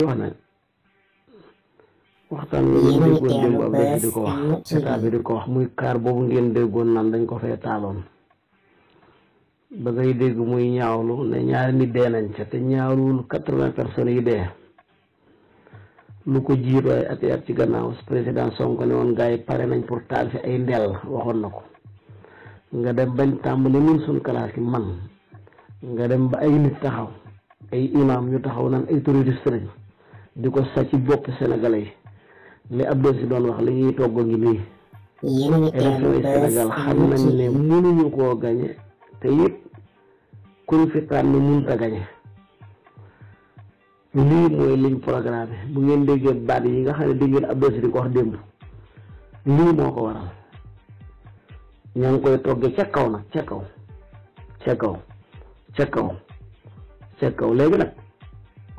Johanna waxtaan wi ñu déggoon démb ab dëkk di ko wax état bi di ko wax muy kaar boobu ngeen déggoon naan dañ ko fee taaloon ba ngay dégg muy ñaawlu ne ñaari nit dee nañ ca te ñaawluwul quatre vingt personnes yi dee lu ko jiitu ay ati at ci gannaaw président Sonko ne woon gars yi pare nañ pour taal fi ay ndel waxoon na ko nga dem bañ tàmbali ñun suñ classe yi man nga dem ba ay nit taxaw ay imam ñu taxaw naan ay terroriste lañ diko ko sa ci bopp sénégalais li Abdou ci doon wax li ñi togg ngi ni élection ñi sénégal xam nañ ne mënuñu koo gañe te it kuñ fi tànn munta gañe lii mooy liñ programme bu ngeen déggé baat yi nga xamné déggé Abdou ci di ko wax demb lii moko waral ñang koy togge ci kaw nak ci kaw ci kaw ci kaw ci kaw légui nak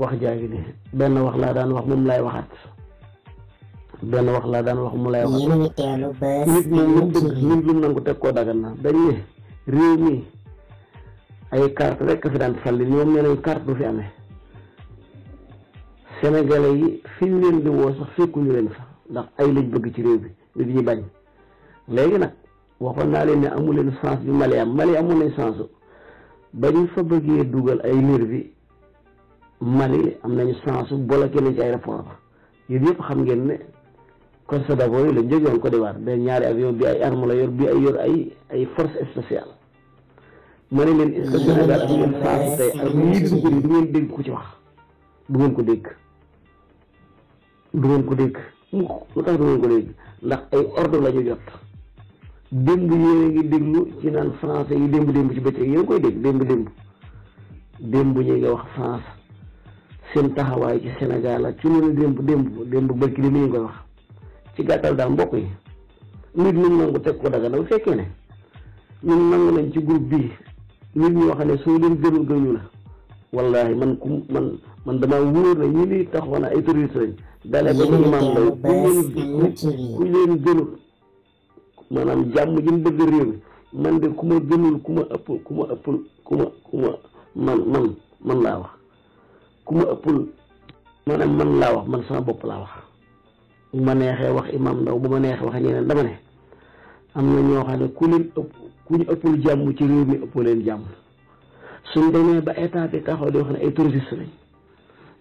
wax jaagi di benn wax laa daan wax moom laay waxaat benn wax laa daan wax mu lay waxaat nit moom lu mu bëgg nit lu nangu teg koo dagan na dañ ne réew mi ay carte rekk fi daan falli ñoom nee nañ carte du fi amee sénégalais yi fi ñu leen di woo sax fekkuñu leen fa ndax ay lañ bëgg ci réew bi nit ñi bañ léegi nag waxoon naa leen amul leen chance bi Mali am Mali amoon nañ chance ba fa bëggee dugal ay bi Mali am nañu chance bloqué nañ ci aéroport ba yooyu yëpp xam ngeen ne Costa d'Avoine yooyu lañ jógewoon Côte d'Ivoire benn ñaari avion bi ay arme yor bi yor ay ay force spéciale ma dégg ku ci wax du ngeen ko dégg du ngeen ko dégg lu tax du ngeen ko dégg ndax ay la ñu jot démb yéen a ngi déglu ci naan français yi démb démb ci bëccëg yéen koy dégg démb démb démb ñu ngi wax France seen taxawaay ci Sénégal ak ci loolu démb démb démb bërki li ñu koy wax ci gàttal daal mbokk yi nit ñi nangu teg ko daga bu fekkee ne ñun nangu nañ ci groupe bii nit ñoo xam ne soo leen gënul gëñu la wallahi man ku man man damaa wóor na ñi ni taxaw ay terroriste lañ dalee ba ñu maam law ku leen gënul maanaam jàmm ji mu bëgg réew man de ku ma gënul ku ma ëpp ku ma ëppul ku ma ku ma man man man laa wax ku ma ëppul ma ne man laa wax man sama bopp laa wax bu ma neexee wax imam ndaw bu ma neexee wax ñeneen dama ne am na ñoo xam ne ku leen ëpp ku ñu ëppul jàmm ci réew mi ëppoo leen jàmm suñ demee ba état bi taxaw di wax ne ay terroristes lañ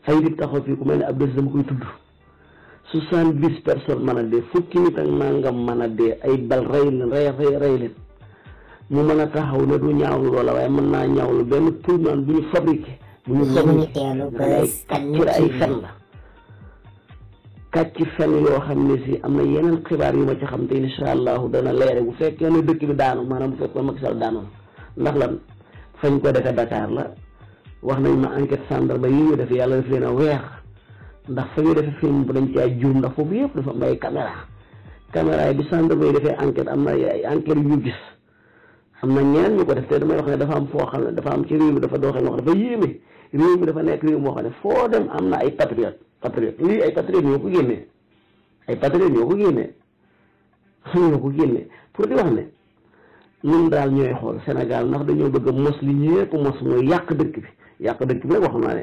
ay nit taxaw fii ku mel ne ab dama koy tudd soixante-dix personnes mën a dee fukki nit ak nangam mën a dee ay bal rey leen rey rey leen mu mën a taxaw ne du ñaawlu loola waaye mën naa ñaawlu benn pour naan bu yéen ñi teelu bës tànn ay fen la kàcc fen yoo xam ne si am na yeneen xibaar yu ma ci xam te incha allahu dana leere bu fekkee ne dëkk bi daanu maanaam bu fekkoon Macky Sall daanu ndax lan fañ ko defe Dakar la wax nañ ma enquête gendarme yi ñu def yàlla def leen a weer ndax fa ñu defee film bu dañ ci ay juum ndax foofu yëpp dafa am ay caméra caméra yi bi gendarme defee enquête am na ay enquête yu ñu gis xam na ñeneen ñu ko def te damay wax ne dafa am foo xam ne dafa am ci réew mi dafa doxee wax dafa yéeme réew dafa nekk réew moo ne foo dem am na ay patriote patriote lii ay patriote ñoo ko génnee ay patriote ñoo ko génnee ñoo ko génnee ne ñun daal ñooy xool Sénégal ndax dañoo bëgg a mos li ñëpp mos mooy yàq dëkk bi yàq dëkk bi nag wax naa ne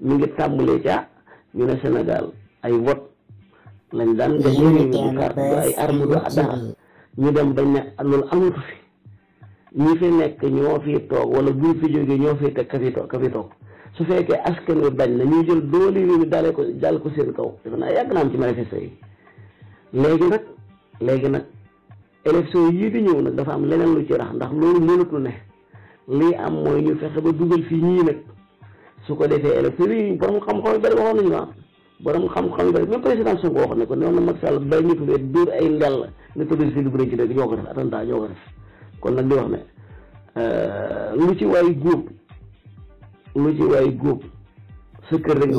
mi ngi tàmbalee ca ñu ne Sénégal ay wot lañ daan def. ñu ay arme du dara ñu dem bañ ne loolu amatu fi. ñi fi nekk ñoo fi toog wala buñ fi jógee ñoo fi teg ka fi toog ka fi toog su fekkee askan wi bañ na ñuy jël doole réew mi ko dal ko seen kaw dafa na am ci manifeste yi léegi nag léegi nag élection yii di ñëw nag dafa am leneen lu ci rax ndax loolu mënatul ne lii am mooy ñu fexe ba dugal fii ñii nag su ko defee élection yi borom xam-xam yu bëri waxoon nañu ma ah. borom xam-xam yu bëri même président Sonko ko noonu Macky Sall bay ñu tuddee dóor ay ndell ne ko desi bu ci dëgg ñoo ko def attentat ñoo ko def kon nag di wax ne euh, lu ci waay góob lu ci waay góob sa kër rek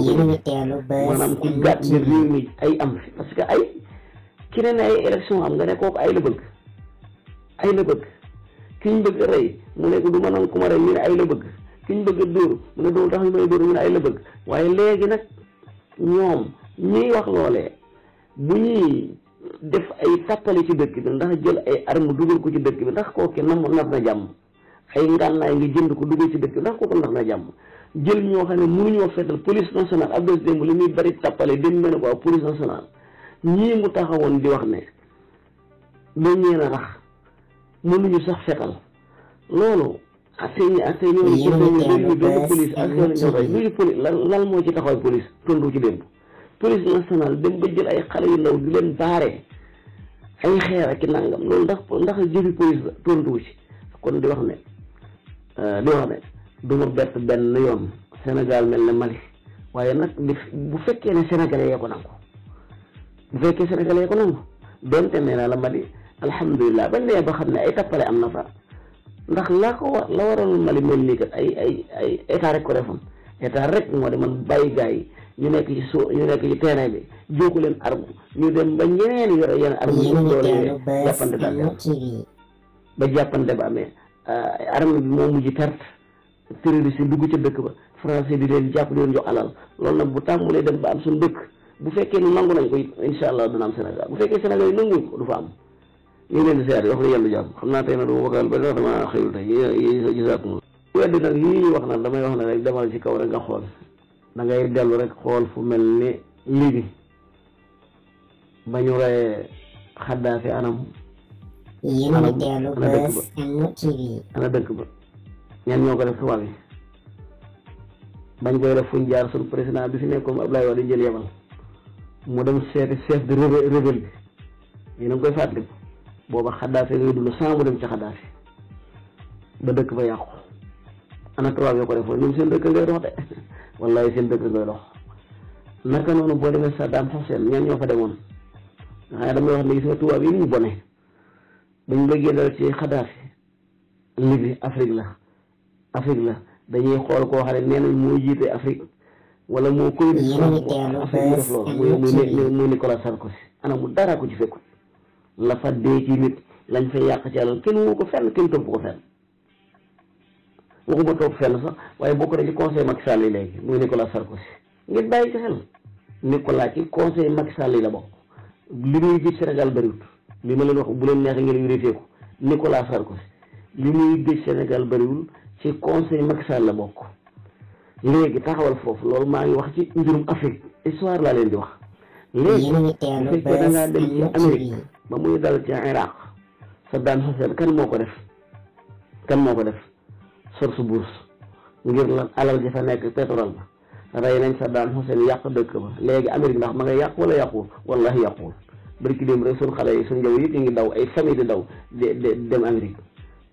maanaam ku gàtt ne réew mi ay am fi parce que ay ki ne ne ay élection am nga ne kooku ay la bëgg ay la bëgg kiñ bëgg rey mu ne ko du ku ma rey ñu ne ay la bëgg kiñ bëgg dóor mu ne dóor tax ñu dóor ñu ne ay la bëgg waaye léegi nag ñoom ñuy wax loolee bu ñuy def ay tàppale ci dëkk bi ndax jël ay arme dugal ko ci dëkk bi ndax kooke nam nar na jàmm ay ngànnaay nga jënd ko dugal ci dëkk bi ndax kooku nar na jàmm jël ñoo xam ne mënuñoo fetal police nationale ab des démb li muy bari tàppale dem mel ne ko police nationale ñii mu taxawoon di wax ne dañ leen a rax mënuñu sax fetal loolu assaini assaini ñoo ñu ko ñu benn police assaini ñoo ñu police lan lan ci taxawaay police tontu ci démb police nationale dem ba jël ay xale yu ndaw di leen baaree ay xeer ak i nangam loolu ndax ndax jëfi police la tontu ci kon di wax ne euh, di wax ne du ma bett benn yoon Sénégal mel ne Mali waaye nag bu fekkee ne sénégalais yee ko nangu bu fekkee sénégalais yee ko nangu donte nee naa la Mali alhamdulilah ba nee ba xam ne ay tappale am na fa ndax laa ko war la waral Mali mel nii kat ay ay ay état rek ko defoon état rek moo de demoon bàyyi gars yi ñu nekk ci suuf ñu nekk ci terrain bi jóoku leen arme ñu dem ba ñeneen yore yenn arme bu doole jàppante daal ba jàppante ba amee arme bi moo mujj perte terroriste dugg ca dëkk ba français bi leen jàpp leen jox alal loolu nag bu tàmbulee dem ba am suñu dëkk bu fekkee nu nangu nañ ko it insha allah dina am Sénégal bu fekkee Sénégal yi nanguñ ko du fa am ñu leen di wax la yàlla jàmm dama xëyul tey yi wax damay wax demal ci kaw rek nga da ngay dellu rek xool fu mel ni lii ba ñu reyee xaddaafi anam ana dëkk ba ñan ñoo ko def tubaab yi bañ koy def fuñ jaar suñu président bi fi nekkoon Abdoulaye Wade jël yebal mu dem seeti chef de rebelle bi yéen a ngi koy fàttaliku booba xaddaafi ngay dund sans mu dem ci xaddaafi ba dëkk ba yàqu ana tubaab yoo ko defoon ñoom seen dëkk ngay dox de wallahi seen dëgg ngay dox naka noonu boo demee Saddam Hussein ñan ñoo fa demoon nga xam ne damay wax ne gis nga tubaab yi ñu bone dañu la génnal ci Xadaafi Libye Afrique la Afrique la dañuy xool koo xam nee nañ moo jiite Afrique wala moo koy Afrique def loolu muy muy Nicolas dara ko ci fekkul la fa dee ci nit lañ fa yàq ci alal kenn woo ko fenn kenn topp ko fenn waxuma toog fenn waaye bokk na ci conseil Macky yi léegi muy Nicolas Sarkozy ngeen bàyyi ci xel Nicolas ci conseil Macky Sall yi la bokk li muy géej Sénégal bëriwut li ma leen wax bu leen neexee ngeen wérétee ko Nicolas Sarkozy li muy gis Sénégal bëriwul ci conseil Macky Sall la bokk léegi taxawal foofu loolu maa ngi wax ci mbirum Afrique histoire laa leen di wax léegi bu fekkee da ngaa dem ci Amérique ba muy dal ci Iraq Saddam Hussein kan moo ko def kan moo ko def source bourse ngir la alal ji fa nekk pétrole ba rey nañ Saddam Hussein yàq dëkk ba léegi Amérique ndax ma nga yàq wala yàquwul wallahi yàquwul barki dem rek suñ xale yi suñ jaww ngi daw ay famille di daw dem Amérique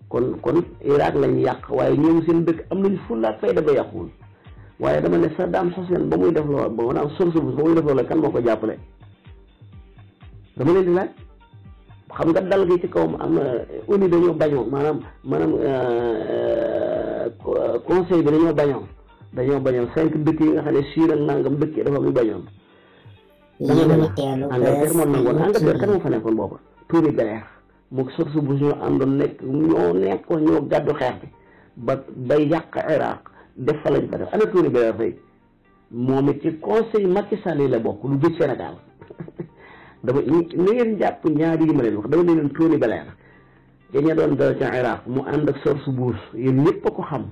kon kon Irak lañ yàq waaye ñoom seen dëkk am nañ fullaak fayda ba yàquwul waaye dama ne Saddam Hussein ba muy def loola ba maanaam source bourse ba muy def loola kan moo ko jàppale dama leen di laaj xam nga dal gi ci kaw am uni dañoo bañoo maanaam maanaam euh, Euh, conseil bi dañoo bañoon dañoo bañoon cinq dëkk yi nga xam ne siir ak nangam dëkk yi dafa muy bañoon. dama ne la moom moo fa nekkoon boobu. Tony Blair moog bu Bush ñoo àndoon nekk ñoo nekkoon ñoo gàddu xeex bi ba ba yàq Irak def fa lañ fa def ana Tony Blair fay moom it ci conseil Macky Sall yi la bokk lu gëj Sénégal dama ni ngeen jàpp ñaari yi ma leen wax dama ne Tony Blair. te ña doon dal ca Iraq mu ànd ak George Bush yéen ñëpp a ko xam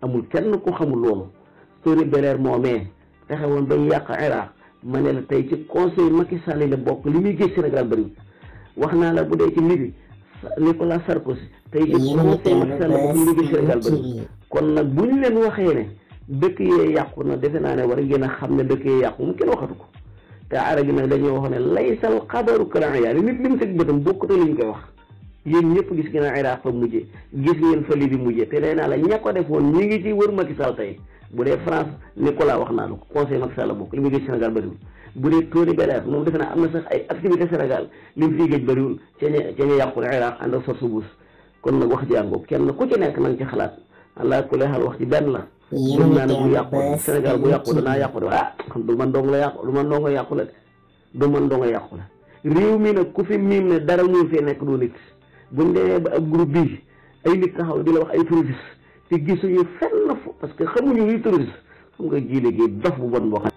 amul kenn ko xamul loolu Tony Blair moomee fexe woon bay yàq Iraq ma ne la tey ci conseil Macky Sall la bokk li muy gis Sénégal bëriwul wax naa la bu dee ci Libye Nicolas Sarkozy tey ci conseil Macky Sall la bokk li muy gis Sénégal bëriwul kon nag bu ñu leen waxee ne dëkk yee yàqu na defe naa ne war ngeen a xam ne dëkk yee yàqu mu kenn waxatu ko te arab yi nag dañoo wax ne laysal xabaru kal iyaal nit li mu teg bëtam bokkut liñ koy wax yéen ñëpp gis ngeen a Iraq fa mujje gis ngeen fa Libi mujje te nee naa la ña ko defoon ñu ngi ci wër Macky Sall tey bu dee France Nicolas wax naa la ko conseil Macky Sall bokk li mu gëj Sénégal bëriwul bu dee Tony Blair moom defe naa am na sax ay activité Sénégal li mu fi gëj bëriwul ca ña ca ña yàqul Iraq ànd ak sorsu buus kon nag wax jàngoo kenn ku ci nekk na nga ci xalaat allah kulli xaal wax ci benn la. gëm naa ne bu yàqu Sénégal bu yàqu danaa yàqu de ah xam du man dong la yàqu du man dong la yàqu la du man dong la yàqu la réew mi buñ demee ba ak groupe bii ay nit taxaw di la wax ay touriste te gisuñu fenn fu parce que xamuñu ñuy touriste xam nga jiile gi dof bu bon boo xam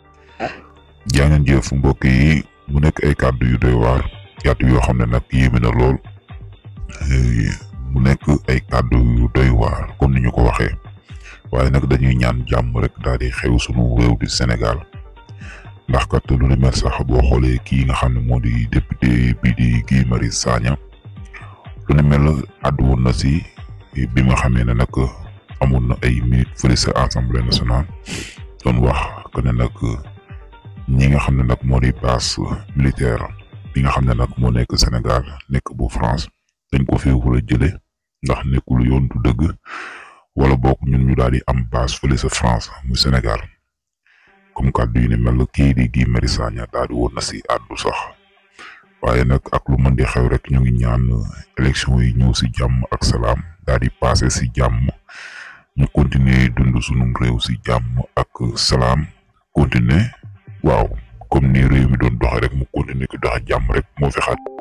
jaaneen jëf mbokk yi mu nekk ay kàddu yu doy waar yàtt yoo xam ne nag yéeme na lool mu nekk ay kàddu yu doy waar comme ni ñu ko waxee waaye nag dañuy ñaan jàmm rek daal di xew sunu réew di Sénégal ndax kat lu ne mel sax boo xoolee kii nga xam ne moo di député bii di Guy Marie Sagna lu mel àddu woon na si bi nga xamee ne nag amoon na ay minutes fële sa assemblée nationale doon wax que ne nag ñi nga xam ne nag moo di base militaire bi nga xam ne nag moo nekk Sénégal nekk bu France dañ ko fee war jëlee ndax nekkul yoon du dëgg wala bokk ñun ñu daal di am base fële sa France mu Sénégal comme kàddu yu ne mel kii di Guy Marius Sagna daal di woon na si àddu sax. waaye nag ak lu mën di xew rek ñu ngi ñaan élection yi ñëw si jàmm ak salaam daal di passé si jàmm ñu continuer dund sunum réew si jàmm ak salaam continuer waaw comme ni réew mi doon doxe rek mu continuer ki doxe jàmm rek moo fi xat